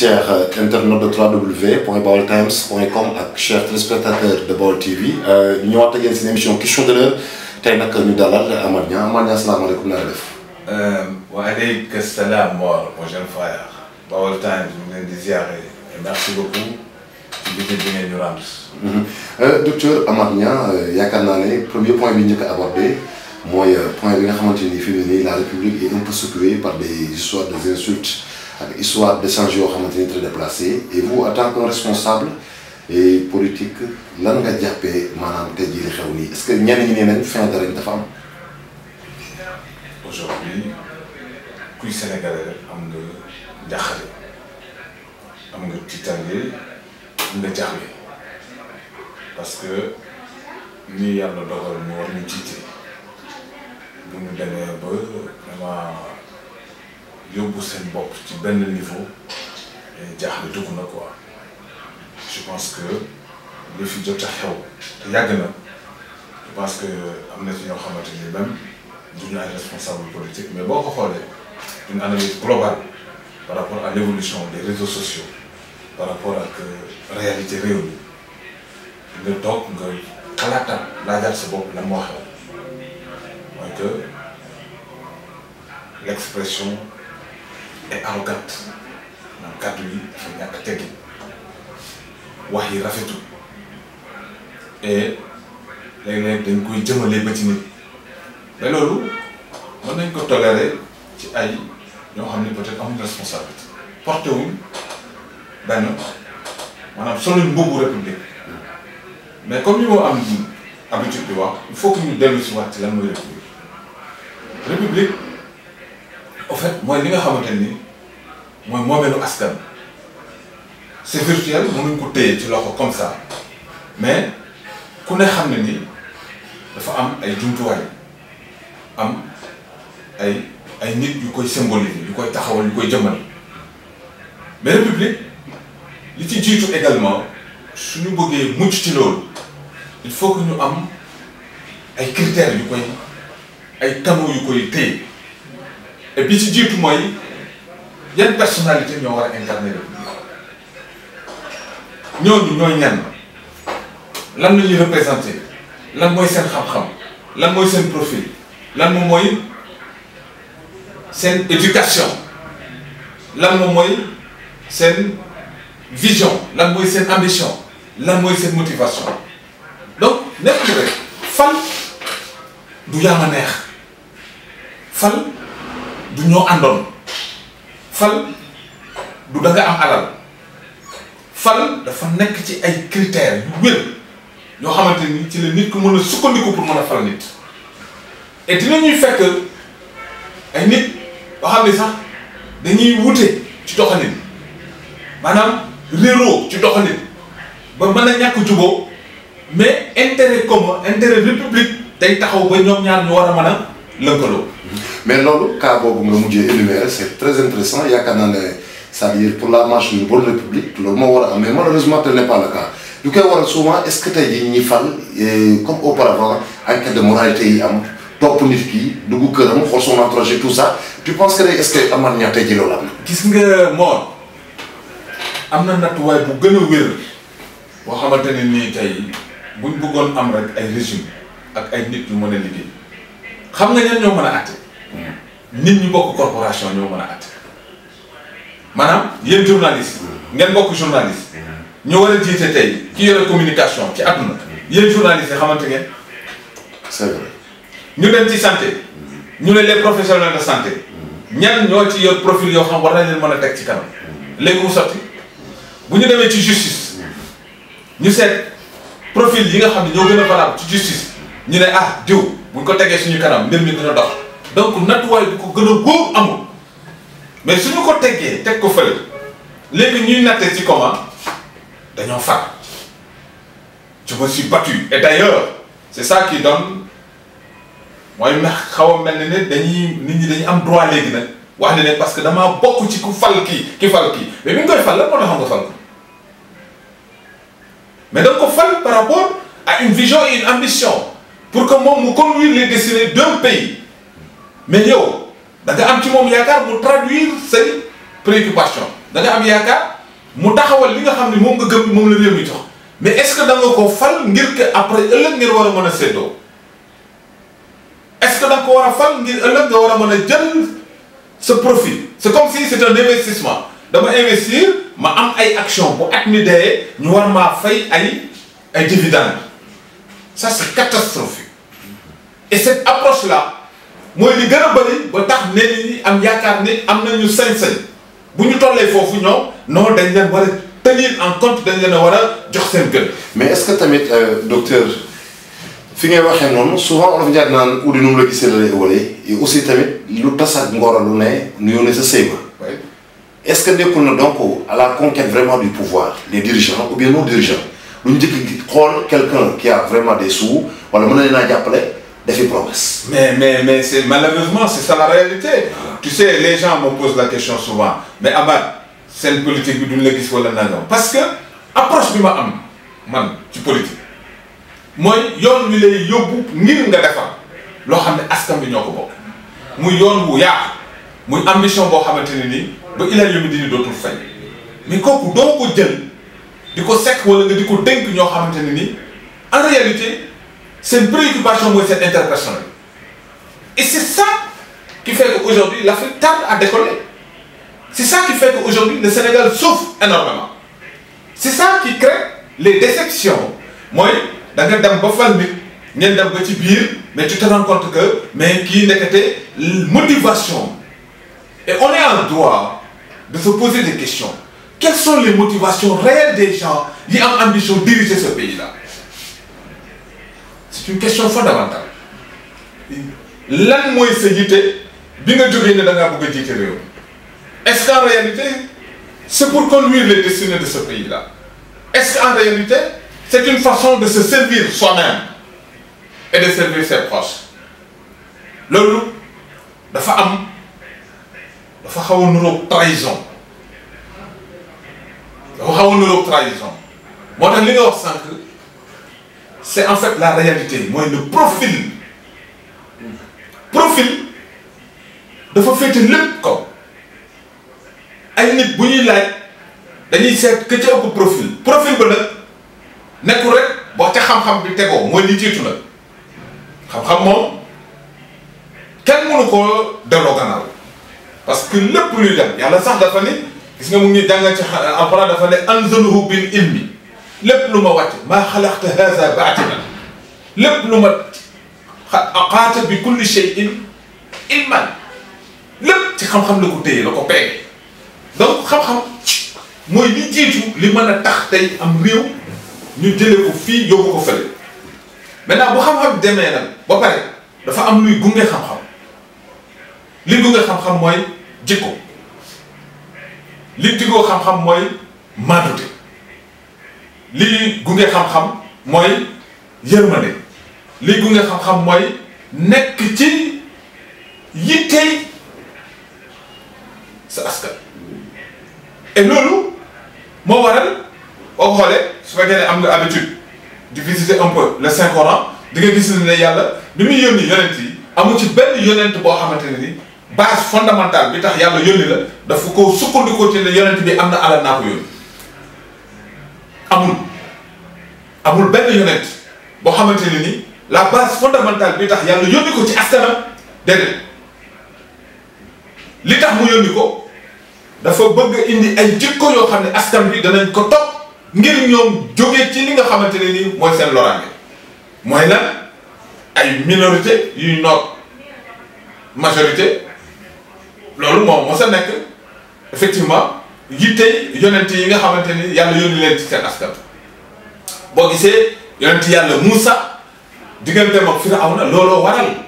Chers euh, internautes de www.baoltimes.com ak chers téléspectateurs de Baol TV euh, ñu ñëwaat ak yéen seen émission question de l'heure tey nag ñu dalal Amar Niang Amar Niang asalaamaaleykum naa la def. Euh, waaleykum salaam Mor mon jeune frère Baol Times ñu ngi leen di ziare merci beaucoup ci visite bi ngeen ñu rendre. Mhm. docteur Amar Niang yaakaar naa ne premier point bi njëkk a abordé mooy point bi nga xamante ni fi mu ne nii la république est un peu ak histoire d'échange yoo xamante ni très déplacé et vous en tant que responsable et politique lan nga jàppee maanaam tey jii li xew nii est-ce que ñenn ñi nee nañ fin de règne dafa am. aujourd'hui kuy sénégalais rek am nga jaaxle am nga tiitaange am nga jaaxle parce que ni yàlla dogal ñu war ñu bu ñu demee ba yóbbu seen bopp ci benn niveau jaaxle dugg na quoi je pense que li fi jot a xew te yàgg na je pense que am na ci ñoo xamante ni même duñu ay responsable politique mais boo ko xoolee une analyse globale par rapport à l'évolution des réseaux sociaux par rapport ak euh, réalité réew mi nga toog nga xalaataat laajaat sa bopp lan que l'expression et arrogante maanaam kàddu yi dafa ñàkk teggi wax yi rafetul et léeg-léeg dañ koy jëmalee ba ci nit mais loolu nañ ko tolérer ci ay ñoo xam ne peut-être amuñ responsabilité porté wuñ benn maanaam soluñ boobu république mais comme ñu moo am habitude bi wax il faut que ñu dellu si waat ci lan mooy république république au fait mooy li nga xamante ni mooy moomeelu askan c'est virtuel mënuñ ko téye ci loxo comme ça mais ku ne xam ne ni dafa am ay jumtuwaay am ay ay nit yu koy yi yu koy taxawal yu koy jëmmal mais république li ci jiitu également suñu bëggee mucc ci loolu il faut que ñu am ay critères yu koy ay canaux yu koy téye et bi ci jiitu mooy yan personnalité ñoo war a incarner république ñooñu ñooy ñan lan la ñuy représenté lan mooy seen xam-xam lan mooy seen profil lan mooy seen éducation lan moom mooy seen vision lan mooy seen ambition lan mooy seen motivation donc nekk rek fal du yaa neex fal. du ñoo àndoon fal du da nga am alal fal dafa nekk ci ay critères yu wér yoo xamante ni ci la nit ku mën a sukkandiku pour mën a fal nit et dinañuy fekk ay nit yoo xam ne sax dañuy wute ci doxalin maanaam réeroo ci doxalin ba mën a ñàkk juboo mais intérêt commun intérêt république day taxaw ba ñoom ñaar ñu war a mën a lëkkaloo. mais loolu cas boobu nga mujjee énuméré c' est très intéressant yaakaar naa ne cest à pour la marche d'une bonne république loolu moo war a am mais malheureusement tel n'est pas le cas lu koy waral souvent est ce que ñi fal eh, comme auparavant enquête de moralité yi am topp nit ki dugg këram xool son entourage tout ça tu penses que est ce que Amar Niang tey jii loolu am na. gis nga Mor am na nattuwaay bu gën a wér boo xamante ne nii tey buñ bëggoon am rek ay régime ak ay nit ñu mën xam nga ñan ñoo mën a àtte nit ñu bokk corporation ñoo mën a àtte maanaam yéen journaliste ngeen bokk journaliste ñu war a jiite tey ki yore communication ci àdduna yéen journaliste yi xamante ngeen. c'est vrai ñu leen ci santé mm-hmm. ñu ne les professionnels de santé mm-hmm. ñan ñoo ci yor profil yoo xam war na leen mën a teg ci kanam mm-hmm. léegi mu sotti bu ñu demee ci justice ñu seet profil yi nga xam ne ñoo gën a valable ci justice ñu ne ah diw. buñ ko tegee suñu kanam mbir mi dina dox donc nattuwaay bi ko gën a wóor amul mais suñu ko teggee teg ko fële léegi ñuy natte ci comment dañoo far je me suis battu et d'ailleurs c'est ça qui donne mooy xaw a mel ni ne dañuy nit ñi dañuy am droit le nag wax ne ne parce que damaa bokk ci ku fal kii ki fal kii mais bi ñu koy fal la moo taxoon nga fal ko mais da nga ko fal par rapport à une ambition pour que moom mu conduire les destinées d'un pays mais yow da nga am ci moom yaakaar mu traduire say préoccupation da am yaakaar mu taxawal li nga xam ne moom nga gëm moom la réew mi jox mais est-ce que da nga ko fal ngir que après ëllëg ngir war a mën a séddoo est-ce que da ko war a fal ngir ëllëg nga war a mën a jël sa profit c'est comme si c'est un investissement dama investir ma am ay action bu at mi dee ñu war maa fay ay ay dividende ça c'est catastrophique et cette approche là mooy li gën a bëri ba tax ne ñi am yaakaar ni am nañu sañ-sañ bu ñu tollee foofu ñoom non dañ leen war a tenir en compte dañ leen a war a jox seen gën. mais est-ce que tamit euh, docteur fi ngay waxee noonu souvent olof njaat naan uddi nu mu la gisee la lay walee et aussi tamit lu tas ak ngoro lu ne nu yónnee sa sëy ba est-ce que nekkul na donc à la conquête vraiment du pouvoir les dirigeants ou bien nos dirigeants. bu njëkk gi xool quelqu'un qui a vraiment des sous wala mën na leen a jàppale defi promesse. mais mais mais c'est malheureusement c'est ça la réalité. Voilà. Ah. sais les gens me posent la question souvent mais Abad seen politique bi duñ la gis wala nangam parce que approche bi ma am man ci politique mooy yoon wi lay yóbbu ngir nga defar loo xam ne askan bi ñoo ko bokk muy yoon wu yaatu muy ambition boo xamante ne nii ba ilal yu mu dini dootul fay mais kooku doo ko jël. di ko sekk wala nga di ko dénk ñoo xamante ne ni en réalité seen préoccupation mooy seen interpersonnel et c'est ça qui fait que aujourd'hui l'Afrique tarde à décoller c'est ça qui fait que aujourd'hui le Sénégal souffre énormément c'est ça qui crée les déceptions mooy da dem ba fal nit ngeen dem ba ci biir mais tu te rends que mais kii nekkate motivation et on est en droit de se poser des questions quelles sont les motivations réelles des gens qui ont ambition de diriger ce pays la C'est une question fondamentale. Lan moy sa jité bi nga joggé né da nga bëgg jité réew. Est-ce qu'en réalité c'est pour conduire les destinées de ce pays-là Est-ce réalité c'est une façon de se servir soi-même et de servir ses proches loolu dafa am dafa xawa nuro trahison dafa xaw a niroog trahison moo tax li nga wax sànq c'est en fait la réalité mooy le profil profil dafa féete lépp kaw ay nit bu ñuy laaj dañuy seet que ca ëpp profil profil ba nag nekkul rek boo ca xam-xam bi tegoo mooy li jiitu nag xam-xam moom kenn mënu koo delloo gannaaw parce que lépp luy dem yàlla sax dafa ni gis nga mu ngi jàngal ci alxuraan dafa ne anzaluhu bil ilmi lépp lu ma wàcc maa xalaqta haza baatilan lépp lu ma aqaata bi kulli shay'in ilman lépp ci xam-xam la ko téye la ko peege donc xam-xam mooy li jiitu li mën a tax tey am réew ñu jëlee ko fii yóbbu ko fële maintenant bu xam-xam demee nag ba pare dafa am luy gunge xam-xam li gunge xam-xam mooy jikko li digoo xam-xam mooy maandute li gunge xam-xam mooy yërmande li gunge xam-xam mooy nekk ci yittey sa askan et loolu moo waral boo xoolee su fekkee ne am nga habitude di visiter un peu le Saint Coran di nga gis ne yàlla bi muy yónni yonent yi amu ci benn yonent boo xamante ne ni base fondamentale bi tax yàlla yónni la dafa ko sukkandikoo ci ne yonent bi am na alal naa ko yónni amul amul benn yonent boo xamante ne ni la base fondamentale bi tax yàlla yónni ko ci askanam déedéet li tax mu yónni ko dafa bëgg indi ay jikko yoo xam ne astan bi danañ ko topp ngir ñoom jógee ci li nga xamante ne ni mooy seen loraange mooy la ay minorité yuy noot majorité loolu moom moo sa nekk effectivement yitte yonent yi nga xamante ni yàlla yónni leen ci seen askan boo gisee yonent yàlla Moussa digganteem ak na looloo waral